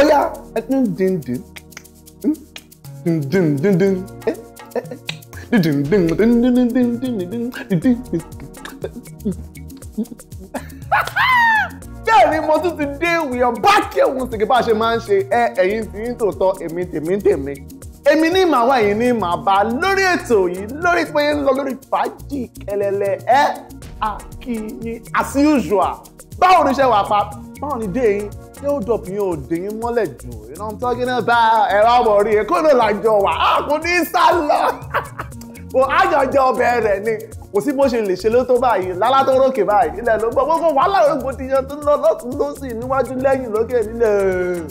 ọ̀yá díndín díndín díndín díndín díndín díndín díndín bẹ́ẹ̀ ni mo tún ti dé ìwìyàn bá kí òun sì kí bá ṣe máa ń ṣe ẹ ẹ̀yin tí ń tòótọ́ èmi tèmi tèmi èmi ní màá wá yìí ní màá bá lórí ètò yìí lórí pé ń lọ lórí fàájì kẹlẹlẹ ẹ àkìyìn as usual báwo ni iṣẹ́ wà pa báwo ni dé yín ṣé ó dọ̀pù yẹn ò dè yín mọ́lẹ̀ jù you know I'm talking about ẹ̀rọ àwọ̀rí èkó náà làjọ wà á kò ní sálọ kò ájọjọ ọbẹ̀ rẹ̀ ni kò sí bó ṣe lè ṣe ló tó báyìí lálá tó rókè báyìí ilẹ̀ ló gbọ́ gbogbo wàhálà rògbòdìyàn tó ń lọ lọ́tún lọ́sì níwájú lẹ́yìn lókè nílẹ̀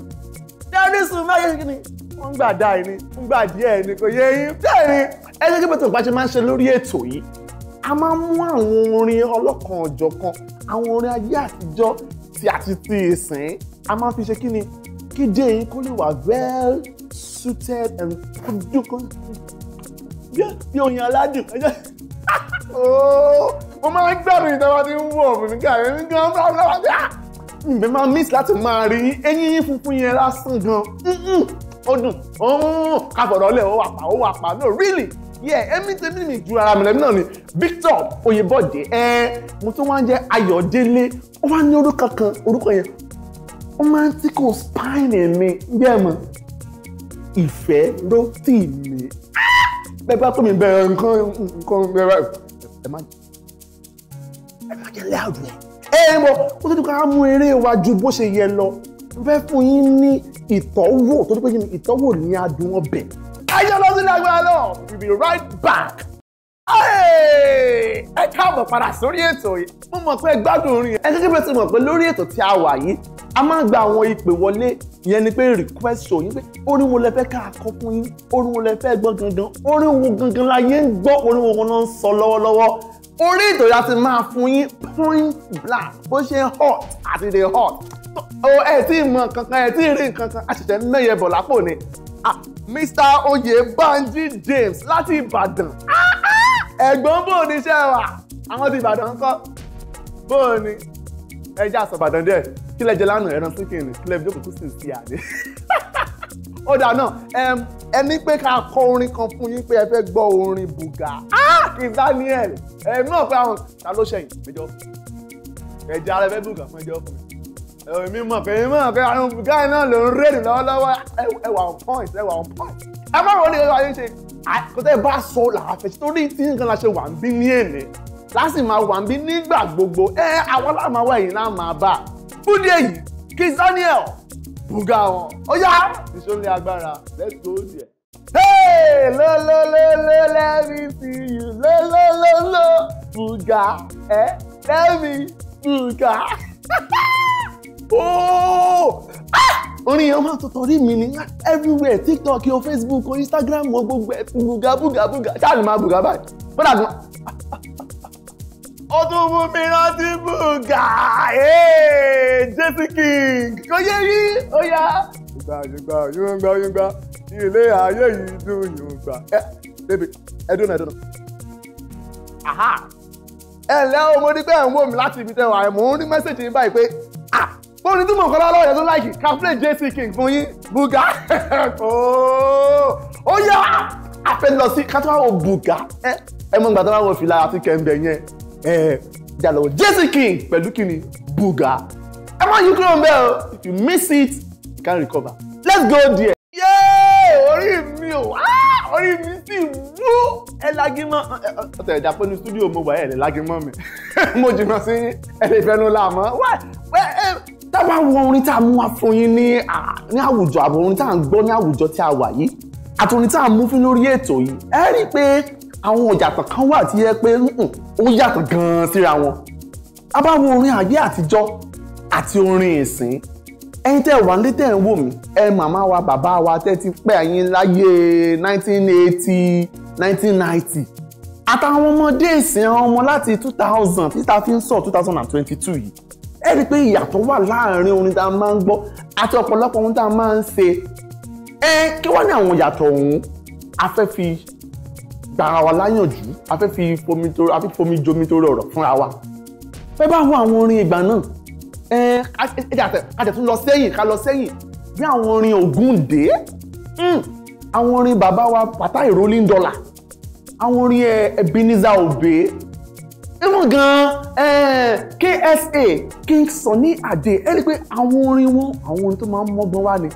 tẹ́rísùn máa yẹ kí ni wọ́n ń gbà dá ẹ ni ń gbà díẹ̀ ni kò yẹ yín bẹ́ẹ̀ ni ẹgbẹ́ kí bẹ́tẹ̀ ìpàṣẹ máa ń ṣe lórí ètò yìí a máa ń mú àwọn orin ọlọ́kan ọ̀jọ̀kan àwọn orin ayé àtijọ́ tí àti ti ìsìn a máa fi ṣe kí ni kí dé yín kó lè wà well suited and kó dùn kó bí oyin aládùn ẹ jẹ́ mo máa ń gbádùn ìta bá ti ń wọ̀ mí nígbà yẹn ní gan bá bá bá ǹbẹ máa miss láti máa rí eyín yín funfun yẹn lásán gan ó dùn káfọ̀rọ̀lẹ̀ ó wà pa ó wà pa no really yeah èmi tèmi mi ju ara mi lẹ́mí náà ni Victor Oyèbọ̀dé ẹ mo tún wá ń jẹ́ Ayọ̀délé ó wá ní orúkọ kan orúkọ yẹn ó máa ń tickle spine mi bí ẹ mọ̀ ìfẹ́ ló tì mí bẹ́ẹ̀ bá pè mí bẹ̀rẹ̀ nǹkan nǹkan bẹ̀rẹ̀ ẹ má ẹ má jẹ́ láàrú ẹ ẹ mọ̀ ó tó ti ká mú eré wa ju bó ṣe yẹ lọ fẹ́ fún yín ní ìtọ́wò tó ti pé yín ìtọ́wò ní adùn ọbẹ̀ ayé lọ sílẹ̀ agbára náà we will be right back ẹ káàbọ̀ padà sórí ètò yìí mo mọ̀ pé gbádùn orin ẹ gẹ́gẹ́ bí ẹ ti mọ̀ pé lórí ètò tí a wà yìí a máa gba àwọn ìpè wọlé ìyẹn ni pé request o yín pé orin wo lẹ fẹ́ ká kọ fún yín orin wo lẹ fẹ́ gbọ́ gangan orin wo gangan láyé ń gbọ́ orin wo náà ń sọ lọ́wọ́lọ́wọ́ orí ìtòyà ti máa fún yín point blank bó ṣe hot àti the hot o ẹ tí ì mọ kankan ẹ tí ì rí nkankan àṣìṣe mẹyẹ bọ̀ lápò ni Mr. Oyèbánjí James láti Ìbàdàn ẹ̀gbọ́n bò ní iṣẹ́ wa àwọn ti Ìbàdàn ń kọ́ bò ní ẹjẹ́ àsọ̀bàdàn díẹ̀ kí lẹ jẹ lánàá ẹran chicken kí lẹ jókòó tó sì ń sí àdé. ó dà náà ẹni pé ká kọ orin kan fún yín pé ẹ fẹ́ gbọ́ orin bùgà kí ah! Daniel ẹ náà pé àwọn ta ló ṣẹ̀yìn ẹjọ́ ẹ̀jẹ̀ ara ẹ fẹ́ bùgà fún ẹjọ́ fún mi èmi mọ̀ pé èmi mọ̀ pé àwọn gáì náà ló ń rèdì lọ́wọ́lọ́wọ́ ẹ on point ẹ wà on point. ẹ má wọlé ẹ wà ní ṣe kó tẹ́ ẹ bá sọ làáfẹ́ torí tí nǹkan la ṣe wà ń bí ní èlé lásì máa wà ń bí nígbà gbogbo ẹ àwọn láàmà wá ẹ̀yìn náà máa bá fún díẹ̀ yìí Chris Daniel bùgà wọn ó yá ìṣòro agbára let's go there. Hey, lo lo lo lo let me see you lo lo lo lo buga, ẹ let me buga. Oh! Ah! orin yẹn máa tọ̀tọ̀ rí mi ní everywhere tiktok o facebook o instagram o gbogbo ẹ̀ bùgà bùgà buga ṣáà ni máa bùgà báyìí kódà gan ọdún mú mi rántí bùgà jesse king kò yé rí ó yá. yóò gbà yóò gbà yóò gbà ilé ayé yìí dùn yóò gbà ẹ bébì ẹ dúnà ẹ dúnà. ẹ ǹlẹ́ o mo ní pé ẹ̀ ń wò mí láti ibi tẹ́ wà ẹ̀ mò ń rí mẹ́sẹ̀jì yín báyìí pé bóni tí mò ń lọ́wọ́ yẹn tó láìkì captain jesse king fún yín bùgà ó yá a fẹ́ lọ sí ká tó wá wo bùgà ẹ mọ̀ nígbà tó wá wo fìlà àti kẹ̀ǹbẹ̀ yẹn Eh, jà Jesse King pẹ̀lú kíni Buga ẹ má yí kúrò ń bẹ́ẹ̀ o if you miss it you can recover let's go there. yéé orí mi ò ah! orí mi sì wú ẹ lágímọ́ ọ̀tẹ̀ ẹ̀dá pé ní studio mo wà ẹ̀ lè lágímọ́ mi mo jìnnà sí ẹ lè fẹnu láàmọ́ tábà wọ orin tá a mú wá fún yín ní ní àwùjọ àbò orin tá a ń gbọ́ ní àwùjọ tí a wà yìí àti orin a mú fún lórí ètò yìí ẹ rí i pé àwọn òjàtàn kan wà tí yẹ pé hmm, hmm, ó yàtọ̀ gan-an síra wọn a bá wo orin ayé àtijọ́ àti orin ìsìn ẹ̀yin tẹ́ wà nílé tẹ́ ń wò mí ẹ màmá wa bàbá wa tẹ́ ti pẹ́ ẹ̀yin láyé 1980 1990 àtàwọn ọmọdé ìsìn àwọn ọmọ láti 2000 títà fi ń sọ 2022 yìí ẹ rí i pé ìyàtọ̀ wà láàrin orin tá a máa ń gbọ́ àti ọ̀pọ̀lọpọ̀ ohun tá a máa ń ṣe ẹ kí wọ́n ní àwọn ìyàtọ̀ ọ̀hún a fi gbàra wa láyànjú a fẹ́ fi fomi tó a fẹ́ fomi jomi tó rọrọ̀ fúnra wa fẹ́ bá hun àwọn orin ìgbà náà ẹ ká tẹ̀ tún lọ sẹ́yìn ká lọ sẹ́yìn bí àwọn orin Ògúndé hmm, àwọn orin bàbá wa Fatai Rolling Dollar àwọn orin Ebenezer Obey ẹ̀wọ̀n gan-an KSA King Sunny Adé ẹ rí i pé àwọn orin wọn àwọn orin tó máa ń mọ́gbọ́n wá ni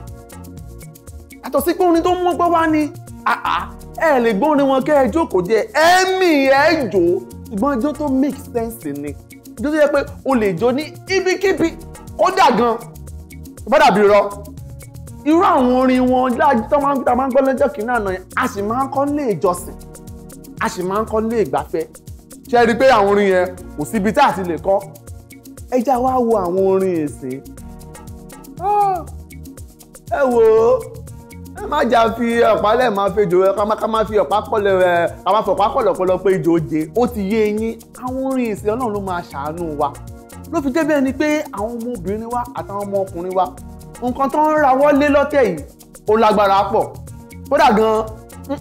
yàtọ̀ pé orin tó ń mọ́gbọ́n wá ni àà ẹ lè gbórin wọn kẹ́ ẹ jókòó jẹ ẹ̀mí ẹ jò ṣùgbọ́n ijó tó make sense ni ijó tó yẹ pé o lè jó ní ibikíbi kódà gan bá dàbí rọ irú àwọn orin wọn láàjú tó máa ń gbà máa ń gbọ́ lọ́jọ́ kìíní àná yẹn a sì máa ń kọ́ lé ìjọsìn a sì máa ń kọ́ lé ìgbafẹ́ ṣe rí i pé àwọn orin yẹn kò síbi tá a ti lè kọ́ ẹ já wá wo àwọn orin èsè ah! ẹ wò ó má jà fi ọ̀pá lẹ̀ máa fi ejò ká má fi ọ̀pá kọlẹ̀ rẹ̀ ká má fi ọ̀pá kọlẹ̀ ọ̀pọ̀lọ̀ pé ejò jẹ ó ti yé yín àwọn orin ìsìn ọlọ́run ló máa ṣàánú wa ló fi débẹ̀ ni pé àwọn ọmọbìnrin wa àtàwọn ọmọkùnrin wa nǹkan tó ń rawọ́ lé lọ́tẹ̀ yìí ó lágbára pọ̀ kódà gan-an eh,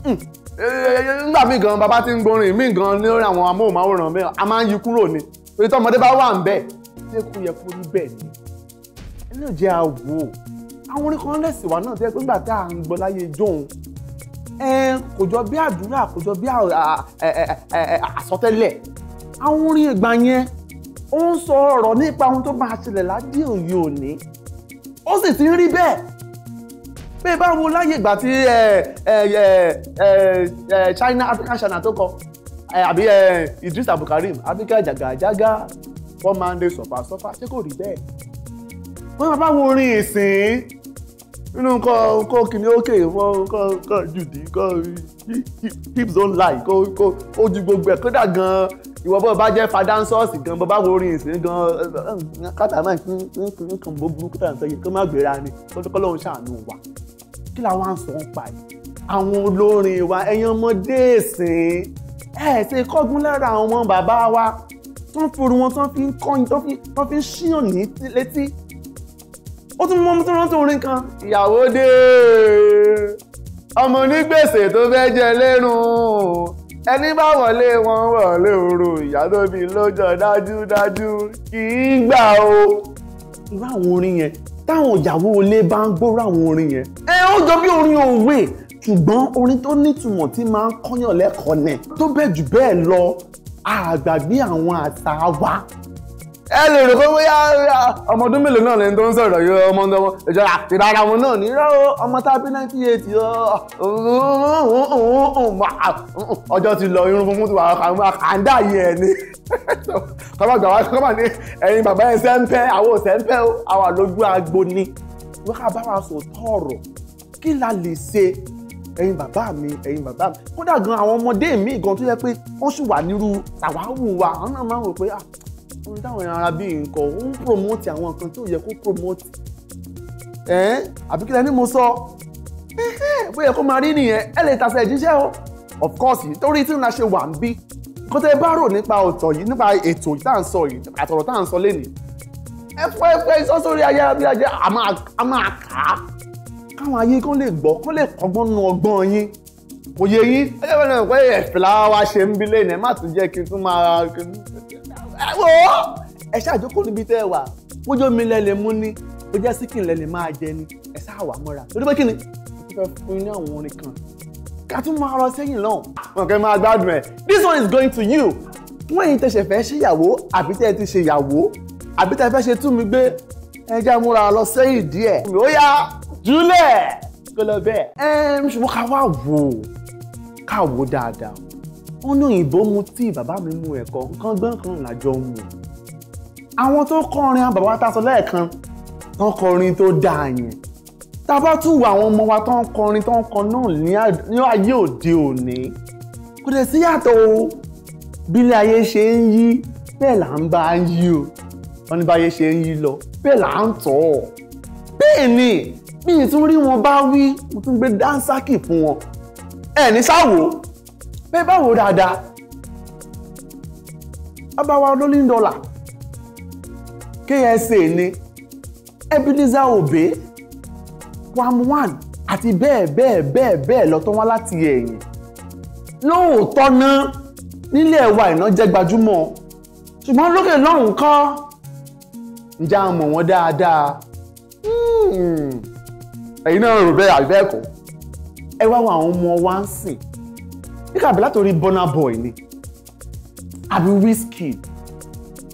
eh, eh, nígbà míì gan bàbá tí ń gbórin míì gan lórí àwọn amóhùnmáwòrán mẹ́rin a máa ń yí kúrò ni torí tọmọdé bá wà ń bẹ̀ ṣé kò yẹ kó rí bẹ́ẹ̀ ni ẹ náà jẹ́ àwò àwọn orin kan lẹ̀sìn wa náà tẹ́ pé nígbà tá à ń gbọ́ láyé jọ̀hún kò jọ bí àdúrà kò jọ bí àsọtẹ́lẹ̀ àwọn orin ìgbà yẹn ó ń sọ ọ̀rọ̀ nípa ohun tó máa ṣẹlẹ̀ ládé òye òní ó sì ti ń rí bẹ́ẹ̀ pé bá láyé ìgbà tí China African China tó kọ àbí Idris Abdulkareem Abike jagajaga one man day sọfà sọfà ṣé kò rí bẹ́ẹ̀ wọ́n máa bá wo orin ìsìn inú kọ kọ kìnìún òkè fọ kọ kọ jùdí kọ hips don't lie kọ kọ ojú gbogbo ẹ kódà gan ìwọ bọ bá jẹ fadansọọsì gan bọ bá wo orin ìsìn gan kàtà máa ń kàn bó burúkú tà ń sẹyìn kó má gbéra ni kọlọ́hún ṣàánú wa kí la wá ń pa yìí àwọn olórin wa ẹ̀yin ọmọdé ìsìn ẹ̀ ṣe kọ́gbọ́n lára àwọn bàbá wa tó ń forú wọn tó fi ń kọ́yìn tó fi ń ṣíyàn ní létí ó tún mọ́ tó rántí orin kan ìyàwó dé ọmọ onígbèsè tó fẹ́ jẹ lérùn ẹni bá wọlé wọn wọlé òru ìyá tó bí lọ́jọ́ dájúdájú kì í gbà o. irú àwọn orin yẹn táwọn ìyàwó ilé bá ń gbóró àwọn orin yẹn ẹ ó jọ bí orin òwe ṣùgbọ́n orin tó nítumọ̀ tí máa ń kọ́yàn lẹ́kọ̀ọ́ nẹ̀ tó bẹ́ẹ̀ jù bẹ́ẹ̀ lọ àgbàgbé àwọn àṣà wa ẹ lè rò pé bóyá ọmọ ọdún mélòó náà lẹni tó ń sọ̀rọ̀ yìí ọmọ ọdún ọmọ ìjọba ìrara wọn náà ní rárá ọmọ tábí náìtì ètì ọjọ́ ti lọ irun funfun ti wà àkàndá yìí ẹ̀ ni kọ́mà gbà wá kọ́mà ní ẹ̀yin bàbá yẹn sẹ́ńpẹ́ àwọn sẹ́ńpẹ́ àwa lójú agbo ni wọ́n ká bá wa sọ tọ̀rọ̀ kí la lè ṣe ẹ̀yin bàbá mi ẹ̀yin bàbá mi kódà gan àwọn ọmọdé mi gan tó yẹ pé wọ́n sì wà nírú tàwáwù wa àwọn náà máa ń rò pé ah ohun táwọn èèyàn ara bíi nǹkan ó ń promote àwọn nǹkan tó yẹ kó promote ẹ̀ẹ́n àbíkílẹ̀ ni mo sọ bóyá kó máa rí nìyẹn ẹ lè tàṣẹ ìjíṣẹ́ o of course torí tí n la ṣe wà ń bí kó tẹ bá rò nípa ọ̀tọ̀ yìí nípa ètò tá à ń sọ yìí àtọ̀rọ̀ tá à ń sọ lénìí ẹ fọ́ ẹ fọ́ ẹ sọ sórí ayárabíyájẹ́ a máa kà á káwọn ayé kó lè gbọ́ kó lè kọ́gbọ́n nu ọgbọ́n yín kò yẹ yín ẹ jẹ́ pé ẹ̀fẹ̀ làwa ṣe ń bí lénìí ẹ má tún jẹ́ kí n tún máa ẹ wò ó ẹ ṣàjókòó níbi tẹ́ ẹ wà kójó mi lẹ lè mú ni ó jẹ́ síkìn lẹ lè máa jẹ ni ẹ ṣáà wà mọ́ra torí pé kí ni ó fẹ́ fún ní àwọn orin kan ká tún máa rọ sẹ́yìn náà wọn kẹ́ máa gbádùn ẹ̀ this one is going to you wọ́n yìí tẹ̀sẹ̀ fẹ́ ṣèyàwó àbí tẹ́ ẹ ti ṣèyàwó àbí tẹ́ ẹ fẹ́ ṣe tú mi gbé ẹ já múra lọ sẹ́yìn díẹ̀ ó yá júlẹ̀ kó lọ bẹ́ẹ̀. ṣùgbọ́n ká wá wò ó ká wò ó dáadáa ó ní òyìnbó mu tíì bàbá mi mu ẹ̀kọ́ nǹkan gbọ́nkan làjọ mu àwọn tó kọrin àwọn bàbá wa tá a sọ lẹ́ẹ̀kan tán kọrin tó dáa yẹn tá a bá tún wo àwọn ọmọ wa tán kọrin tán kọ náà ní ayé òde òní kò dẹ̀ sí yàtọ̀ o bí ilé ayé ṣe ń yí bẹ́ẹ̀ là ń bá a yí o wọ́n ní báyé ṣe ń yí lọ bẹ́ẹ̀ là ń tọ̀ ọ́ bẹ́ẹ̀ ni bí ìtún rí wọn bá wí mo tún gbé dánsákì fún wọn ẹ̀ ní sáwòó bẹ́ẹ̀ bá wò dáadáa abawa rolling dollar KSA ni Ebenezer obe Kwam One àti bẹ́ẹ̀ bẹ́ẹ̀ bẹ́ẹ̀ bẹ́ẹ̀ lọ wá láti ẹ̀yìn lóòótọ́ náà nílẹ̀ iná jẹ́ gbajúmọ̀ ṣùgbọ́n lókè lọ́hùn kọ́ a mọ̀ wọ́n dáadáa hmm. ẹ̀yin náà rò bẹ́ẹ̀ àbí ẹ wá ká bẹ̀ látòrí Burna Boy ni àbí Wizkid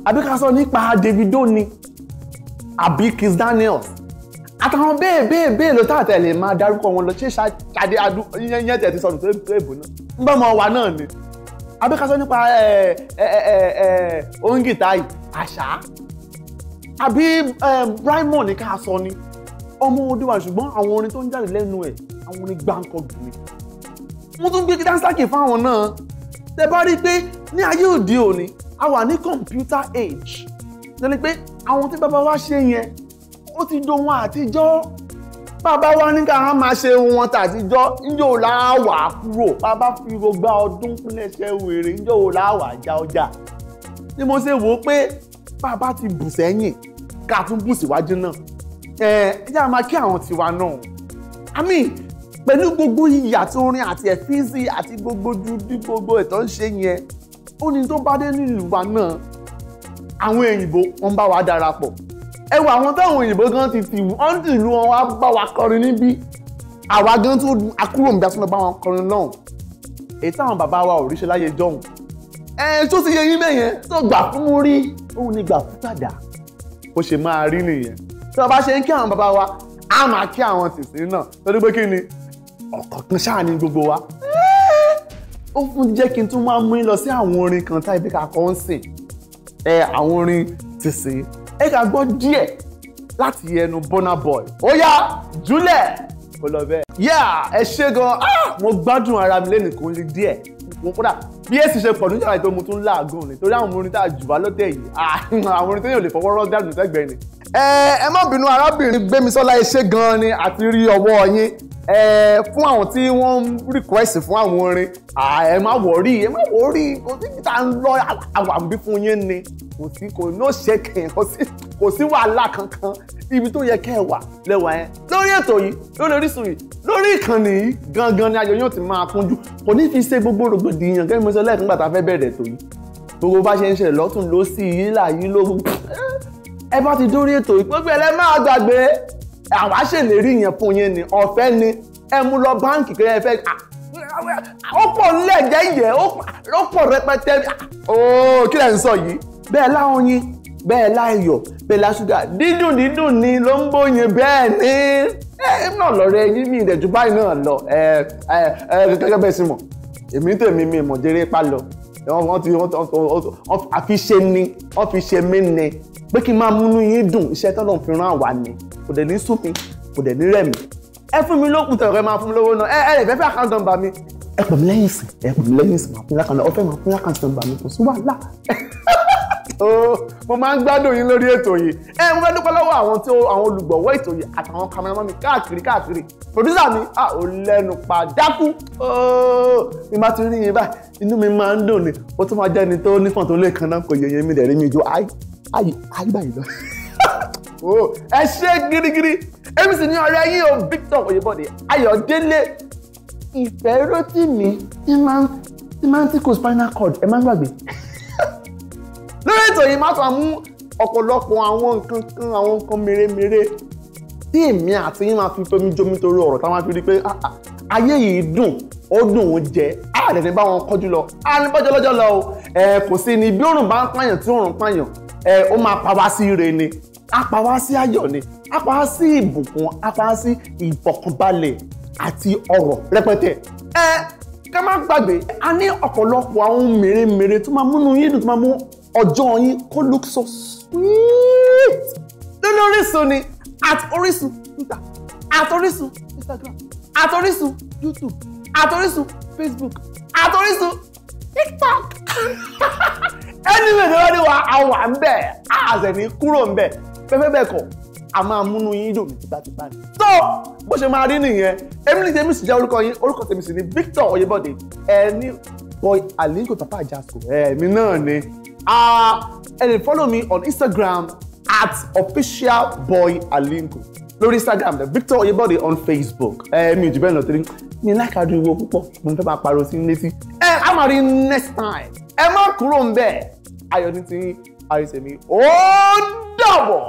àbí ká sọ nípa Davido ni àbí Kiss Daniels àtàwọn bẹ́ẹ̀ bẹ́ẹ̀ bẹ́ẹ̀ ló tààtà lè máa darúkọ wọn lọ ṣé ṣàdé adú yẹn tẹ̀ ti sọnù tó tó èbò náà ń bá ọmọ wa náà ni àbí ká sọ nípa onígìtá yìí àṣà àbí Braimon ni ká sọ ni ọmọ òdiwọ̀n ṣùgbọ́n àwọn orin tó ń jáde lẹ́nu ẹ̀ àwọn orin gbáǹkọ̀ gbìn wọ́n tún gbé dánsákì fáwọn náà tẹ bá rí i pé ní ayé òde òní a wà ní computer age lẹ́ni pé àwọn tí bàbá wa ṣe yẹn ó ti dohun àtijọ́ bàbá wa ní ká máa ṣe wọn tàtijọ́ níjọ́ làwà kúrò bàbá fi gbogbo ọdún pínlẹ̀ṣẹ̀ wèrè níjọ́ làwà já ọjà ni mo ṣe wò ó pé bàbá ti bù sẹ́yìn ká tún bù síwájú náà ẹ ẹ jẹ́ àmà kí àwọn tiwa náà i mean pẹ̀lú gbogbo iyì àti orin àti ẹ̀fíìsì àti gbogbo dúdú gbogbo ẹ̀tọ́ ń ṣe yẹn ó ní tó bá dé nílùú wa náà àwọn òyìnbó wọn bá wa darapọ̀ ẹ wo àwọn táwọn òyìnbó gan ti tì wọ́n dì lú wọn wá bá wa kọrin níbí àwa gan tó akúrò nígbà tó lọ bá wọn kọrin náà èyí táwọn bàbá wa ò ríṣẹ́ láyé jọ̀hún ẹ tó ti yẹ yín bẹ́yẹn tó gbà fún orí òun ni gbà fún tàdá bó ṣe máa rí nìyẹn tí wọ́n bá ṣe ń kí àwọn bàbá wa á máa kí àwọn tìsín náà torí pé kí ni ọ̀kọ̀ọ̀kan ṣáà ni gbogbo wa ó fún jẹ́ kí n tún máa mú yín lọ sí àwọn orin kan tá ibi kakọ́ ń sìn ẹ àwọn orin ti sìn ẹ kà gbọ́ díẹ̀ láti ẹnu Burna Boy ó yá júlẹ̀ kó lọ bẹ́ẹ̀. yá ẹ ṣe gan ah, mo gbádùn ara mi lẹ́nu kò lè díẹ̀ mo kódà bí èsì ṣe pọ̀ níjàmbá tó mo tún láàgùn ni torí àwọn orin tá a jù bá lọ́tẹ̀ yìí ah, àwọn orin tó yàn lè fọwọ́ rọ́ dànù sẹ́gbẹ̀ẹ́ ni. ẹ ẹ má bínú arábìnrin Gbémisọ́lá ẹ ṣe gan ni àti rí ọwọ́ yín fún àwọn tí wọ́n ń request fún àwọn orin ẹ má wọrí ẹ má wọrí kò sí kíta ń lọ àwàǹbí fún yín ni kò sí kò ní òṣèkè kò sí wàhálà kankan ibi tó yẹ kẹ́ ẹ wà lẹ́wà yẹn lórí ètò yìí lórí Orísun yìí lórí ìkànnì yìí gangan ni ayọ̀ yóò ti máa kún jù kò ní fi ṣe gbogbo rògbòdìyàn gẹ́gẹ́ bí mo sọ lẹ́ẹ̀kan gbà tá a fẹ́ bẹ̀rẹ̀ ètò yìí gbogbo bá ṣe ń ṣẹlẹ̀ lọ́tún ló sì yí là yí ló ẹ bá ti dórí ètò yìí máa gbàgbé àwa ṣèlérí yẹn fún yín ni ọ̀fẹ́ ni ẹ mú lọ báǹkì kí ẹ fẹ́ ó pọ̀ nílẹ̀ jẹ́yẹ ó pọ̀ rẹpẹtẹ ooo kí lẹ̀ ń sọ yìí bẹ́ẹ̀ láwọn yín bẹ́ẹ̀ láyọ̀ bẹ́ẹ̀ lásùgà dídùn dídùn ni ló ń bóyin bẹ́ẹ̀ ni ẹ náà lọ́rọ̀ ẹyin mi ìdẹ̀jú báyìí náà lọ ẹ ẹ gẹ́gẹ́ bẹ́ẹ̀ sì mọ̀ èmi tèmi mi ìmọ̀jẹ̀rẹ́ pa lọ wọ́n ti àfiṣe ni wọ́n fi ṣe mí ni pé kí n máa múnú yín dùn iṣẹ́ tọ́lọ̀ fi rán àwa ni kò dẹ̀ ní sùn mi kò dẹ̀ ní rẹ̀ mi ẹ fún mi lókun tẹ̀wé máa fún mi lówó náà ẹ ẹ lè fẹ́ fẹ́ àkáǹtì nọ́mbà mi ẹ pè mí lẹ́yìn sìn ẹ pè mí lẹ́yìn sìn máa fún lákàntàn ọ̀fẹ́ máa fún lákàntàn nọ́mbà mi kò sí wàhálà mo máa ń gbádùn yín lórí ètò yìí ẹ mo fẹ́ dúpẹ́ lọ́wọ́ àwọn tí àwọn olùgbọ̀wọ́ ètò yìí àtàwọn kameraman mi káàkiri káàkiri pòdúsà mi à ò lẹ́nu pàdákú mi máa ti rí yín báyìí inú mi máa ń dùn ni ó tún máa jẹ́ ni tó nífọ̀n tó lè kan náà kò yẹ̀yẹ̀ mi dẹ̀ rí mi ju ayé ayé báyìí lọ ẹ ṣe gírígírí èmi sì ni ọ̀rẹ́ yín o Victor Oyèbọ̀dé Ayọ̀délé ìfẹ́ rótìmí tí máa ń tí kò spinal cord ẹ máa ń gbàgbé èyí má ta mú ọ̀pọ̀lọpọ̀ àwọn nǹkan kan àwọn nǹkan mèremère tí èmi àti yín máa fi tómi jómi torí ọ̀rọ̀ táwọn máa fi rí pé ah, ah, ayé yìí dùn ó dùn ó jẹ á lè bá wọn kọjú lọ á ní bọ́jọ́ lọ́jọ́ lọ o kò sí ni bí òrùn bá ń pààyàn tí òrùn pààyàn ó máa pa wá sí ire ni á pa wá sí ayọ̀ ni á pa wá sí ìbùkún á pa wá sí ìfọ̀kànbalẹ̀ àti ọrọ̀ rẹpẹtẹ ẹ ká má gbàgbé a ní ọ̀pọ̀lọpọ̀ àwọn mèremère tó máa múnú yín dùn tó máa mú ọjọ́ yín kó look so sweet lórí Orísun ni at Orísun Twitter at Orísun Instagram at Orísun YouTube at Orísun Facebook at Orísun TikTok anyway ní wọ́n ní wa àwọn à ń bẹ̀ àṣẹ ní kúrò ń bẹ̀ pẹ́pẹ́ bẹ́ẹ̀ kọ́ a máa múnú yín dùn ní tipátipá ni. tó bó ṣe máa rí nìyẹn èmi ní tèmi sì jẹ́ orúkọ yín orúkọ tèmi sì ni Victor Oyèbọ̀dé ẹni boy Aliko Papa Ajasco ẹ̀mí náà ni uh, and then follow me on Instagram at officialboyalinko lórí Instagram the Victor Oyebode on Facebook mi ò jù bẹ́ẹ̀ lọ torí mi láì kájú owó púpọ̀ mo fẹ́ máa pariwo sí létí ẹ á máa rí next time ẹ má kúrò ń bẹ́ẹ̀ ayọ̀ ní ti ayọ̀sẹ̀mí ó dàbọ̀.